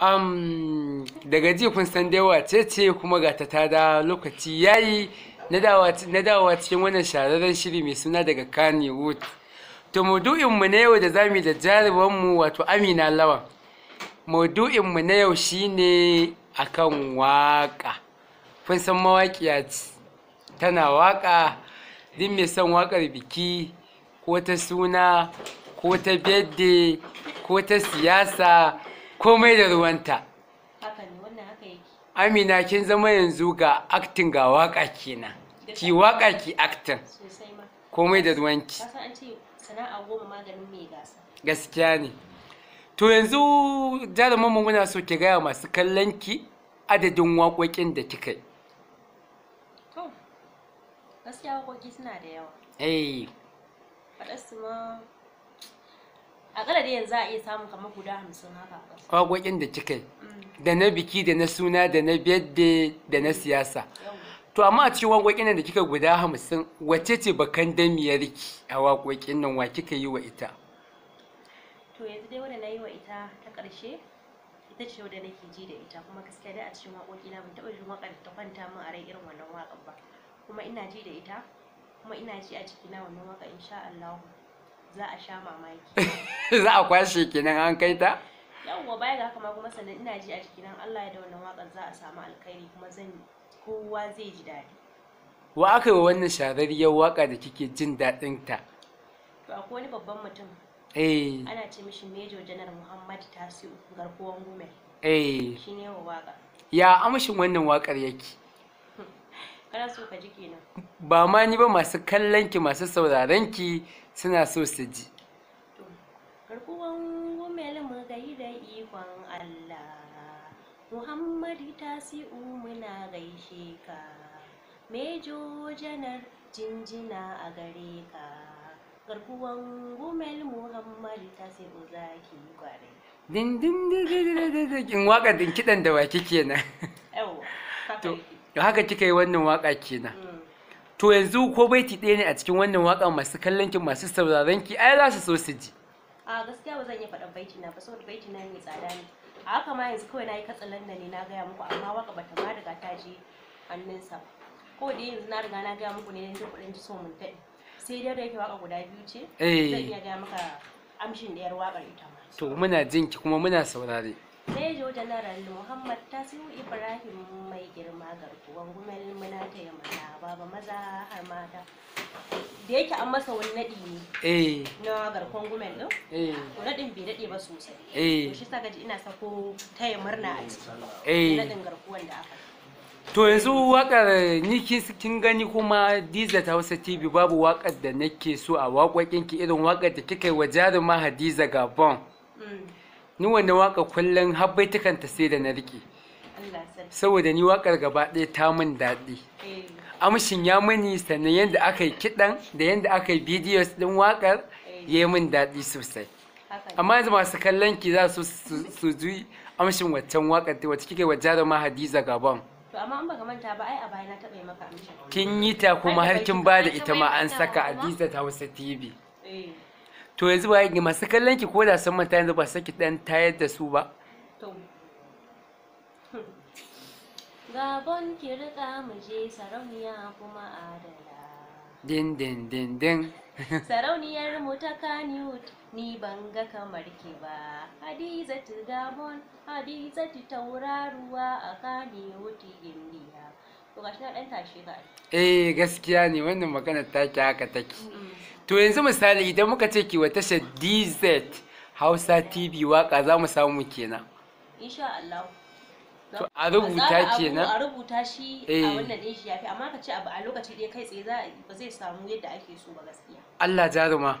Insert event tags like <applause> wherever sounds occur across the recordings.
um, daga ji kun san dai wace ce kuma ga ta da lokaci yayi na dawowa cikin wannan shahararren shiri mai suna daga Kanye Wood. To maudu'inmu na yau da zamu da mu wato Amina Lawan. Maudu'inmu na yau shine akan waka. Kun san mawaƙiya ce tana waka duk mai son wakar biki ko ta suna ko ta bedde ko ta siyasa komai da ruwanta amina kin zama yanzu ga acting ga waka kenan ki waka ki acting komai da ruwanki gaskiya ne to yanzu jaruman mu muna so ki gaya masu kallon ki adadin waƙoƙin da kika yi gaskiya waƙoƙi suna da yawa eh faɗa su ma A kada da yanzu a iya samun kamar guda hamsin haka waƙoƙin da kika yi mm. da na biki da na suna da na bedde da na siyasa to amma a cikin waƙoƙin da kika guda hamsin wacce ce bakan riki a waƙoƙin nan wa kika yi wa ita to yanzu dai wanda na yi wa ita ta ƙarshe ita ce wanda nake ji da ita kuma gaskiya dai a cikin waƙoƙi na ban taɓa jin waƙar ta kwanta min a rai irin wannan waƙar ba kuma ina ji da ita kuma ina ji a cikina wannan waƙar insha Allah za a sha mamaki <laughs> za a kwashe kenan an kai ta yawwa baya ga kama kuma sannan ina ji a jikina Allah ya da wannan waƙar za a samu alkhairi kuma zan kowa zai ji daɗi wa aka yi wannan shahararriyar waƙa da kike jin daɗin ta to akwai wani babban mutum eh ana ce mishi Major General Muhammad Tasiu garkuwan Gumel eh ne wa waƙa ya amshin wannan waƙar yake kana so ba ma ni ba masu kallon ki masu sauraron ki suna so su ji garkuwan gumel mu gai ikon Allah tasi'u muna gaishe ka Mejo janar jinjina a gare ka garkuwan gumel Muhammadu kware din din din da haka kika yi wannan waka kenan to yanzu ko baiti ɗaya ne a cikin wannan waka masu kallon ki masu sauraron ki ai za su so su ji a gaskiya ba zan iya faɗan baiti na ba saboda baiti na mai tsada ne a haka ma yanzu kawai na yi katsalan da ne na gaya muku amma waka bata ma daga ta je hannunsa ko da yanzu na riga na gaya muku ne yanzu kuɗin ji so mun taɗi sai dai da yake waka guda biyu ce zan eh. iya gaya maka amshin ɗayar wakar ita ma to muna jinki kuma muna saurare Major General Muhammad Tasiu Ibrahim mai girma garkuwan gumel muna ta mana baba maza har mata. Da yake an masa wani naɗi ne. Eh. Na garkuwan gumel ɗin. Eh. To naɗin bai daɗe ba sosai. Eh. Shi sa gaji ina sako taya murna a ciki. Eh. Naɗin garkuwan da aka. To yanzu wakar ni kin gani kuma Diza ta Hausa TV babu wakar da nake so a ki irin wakar da kika yi wa jaruma Hadiza Gabon. Mm. ni wanda waka kullum har baitukanta sai da na rike saboda ni wakar gaba ɗaya ta mun daɗi eh. amshin ya mani sannan yadda aka yi kiɗan da yadda aka yi bidiyos ɗin wakar eh. ya yi min daɗi sosai amma yanzu masu kallon ki za su su ji amshin waccan wakar ta wacce kike wa jaruma hadiza gaban to kin yi ta kuma har kin ba da ita ma an saka hadiza ta hausa tv eh. to yanzu ba yi masu kallon ki ko da sun manta yanzu ba su saki dan tayar da su ba to gabon ki rika mu je sarauniya kuma adala din din din din <laughs> sarauniyar mu ta kaniwood ni ban ga kamar ki ba hadizatu gabon hadizatu tauraruwa a kaniwood gindiya. to eh gaskiya ne wannan magana take haka take mm. to yanzu misali idan muka ce ki wa tashar DZ Hausa TV waka za mu samu kenan insha Allah to a rubuta kenan a rubuta shi eh. a wannan din shi yafi amma ka ce abu a lokaci ɗaya kai tsaye za ba zai samu yadda ake so ba gaskiya Allah jaruma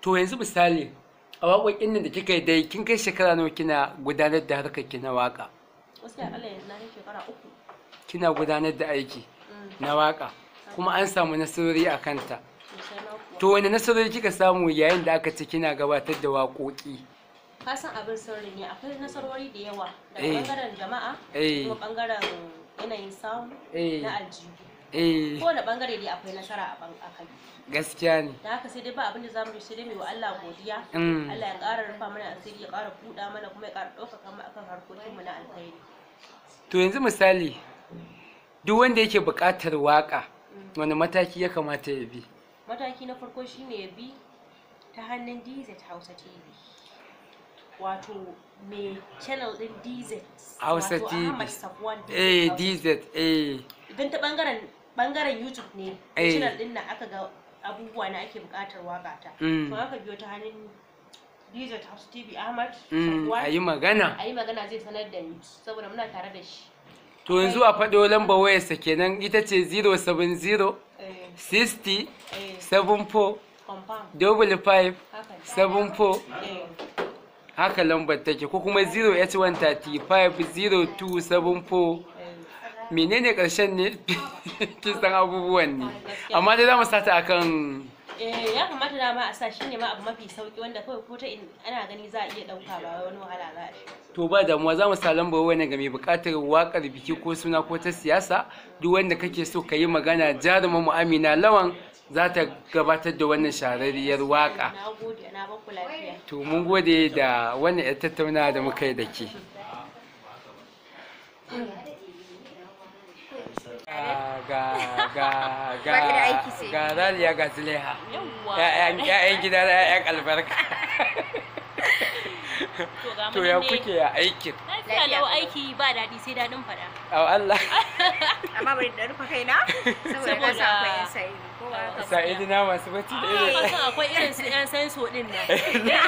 to yanzu misali a waƙoƙin nan da kika yi dai kin kai shekara nawa kina gudanar da harkar kina waka gaskiya Allah yanzu na shekara uku kina gudanar da aiki na waka kuma an samu nasarori a kanta to wani nasarori kika samu yayin da aka ce kina gabatar da waƙoƙi kasan abin sirri ne akwai nasarori da yawa daga bangaren eh. jama'a eh. kuma bangaren yanayin samu eh. na aljihu Ko kowane bangare dai akwai nasara a kai gaskiya ne da haka sai dai ba abin da zamu sai dai mai wa Allah godiya mm. Allah ya ƙara rufa mana asiri ya ƙara buɗa mana kuma ya ƙara ɗaukaka mu akan harkokin mu na alkhairi to yanzu misali duk wanda yake buƙatar waƙa, wani mataki ya kamata ya bi mataki na farko shine ya bi ta hannun dz hausa tv wato mai channel din dz hausa tv eh dz eh idan ta bangaren bangaren youtube ne eh. channel din nan aka ga abubuwa na ake buƙatar waƙa ta mm. to aka biyo ta hannun dz hausa tv ahmad mm, a yi magana a yi magana zai sanar da ni saboda muna tare da shi to yanzu a faɗo lamba wayarsa kenan ita ce 070 60 74 55 74 haka lambar take ko kuma 0h135 eh. menene ƙarshen ne <laughs> kisan abubuwan ne amma dai za mu sata akan eh ya kamata dama a sa shine ma abu mafi sauki wanda kawai ko ta ana gani za a iya dauka ba wani wahala za a shi to ba damuwa za mu sa lambar wani ga mai bukatar wakar biki ko suna ko ta siyasa duk wanda kake so ka yi magana jaruma mu Amina Lawan za ta gabatar da wannan shahararriyar waka to mun gode da wannan tattaunawa da muka yi da ke Ah, ga ga <laughs> ga ga raliya ya'yan gida da ya'yan albarka to ya kuke ya aikin lafiya lau aiki ba daɗi sai daɗin fada au Allah <laughs> amma bari da rufa kaina saboda ka akwai yan sa'idu kowa ka sa'idu na masu bacci da ah, irin akwai irin su yan sanso din nan <laughs>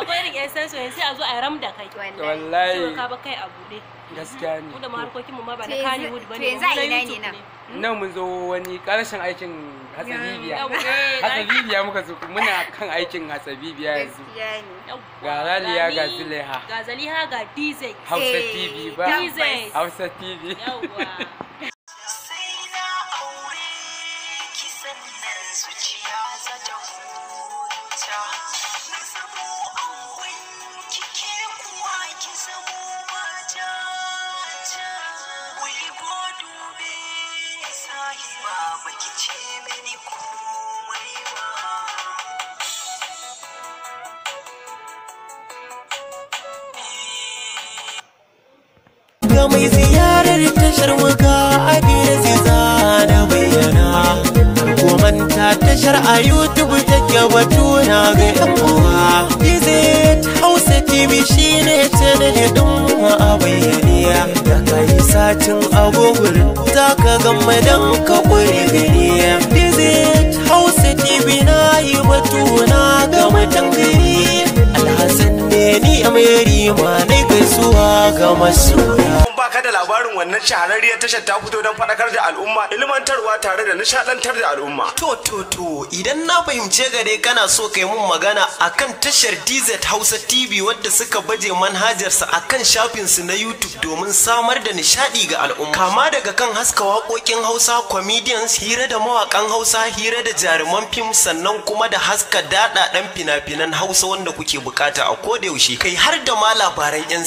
akwai irin yan sensu ne sai a zo a ram da kai wallahi ka ba kai a bude gaskiya ne mu da ma harkokin mu ma ba na Hollywood bane to yanzu a ina ne nan hmm? nan mun zo wani karshen aikin hasabibiya eh, hasabibiya muka zo muna kan aikin hasabibiya yanzu ga raliya ga zuleha ga zaliha ga dz hausa tv ba hausa tv yawwa <laughs> ga mai ziyarar tashar muka adira zai zana bayyana komanta tashar a youtube take batuna ga yan uwa visit hausa tv shine channel din a bayyane da kai satin za zaka ga madan ka kuri gari alheri ma na gaisuwa ga masoya ka da labarin wannan shahararriyar tashar ta fito don faɗakar da al'umma ilmantarwa tare da nishaɗantar da al'umma. To to to idan na fahimce gare kana so kai mun magana akan tashar DZ Hausa TV wadda suka baje manhajarsa akan su na YouTube domin samar da nishaɗi ga al'umma. Kama daga kan haska waƙoƙin Hausa comedians hira da mawakan Hausa hira da jaruman fim sannan kuma da haska daɗaɗen fina-finan Hausa wanda kuke bukata a kodayaushe yaushe kai har da ma labaran 'yan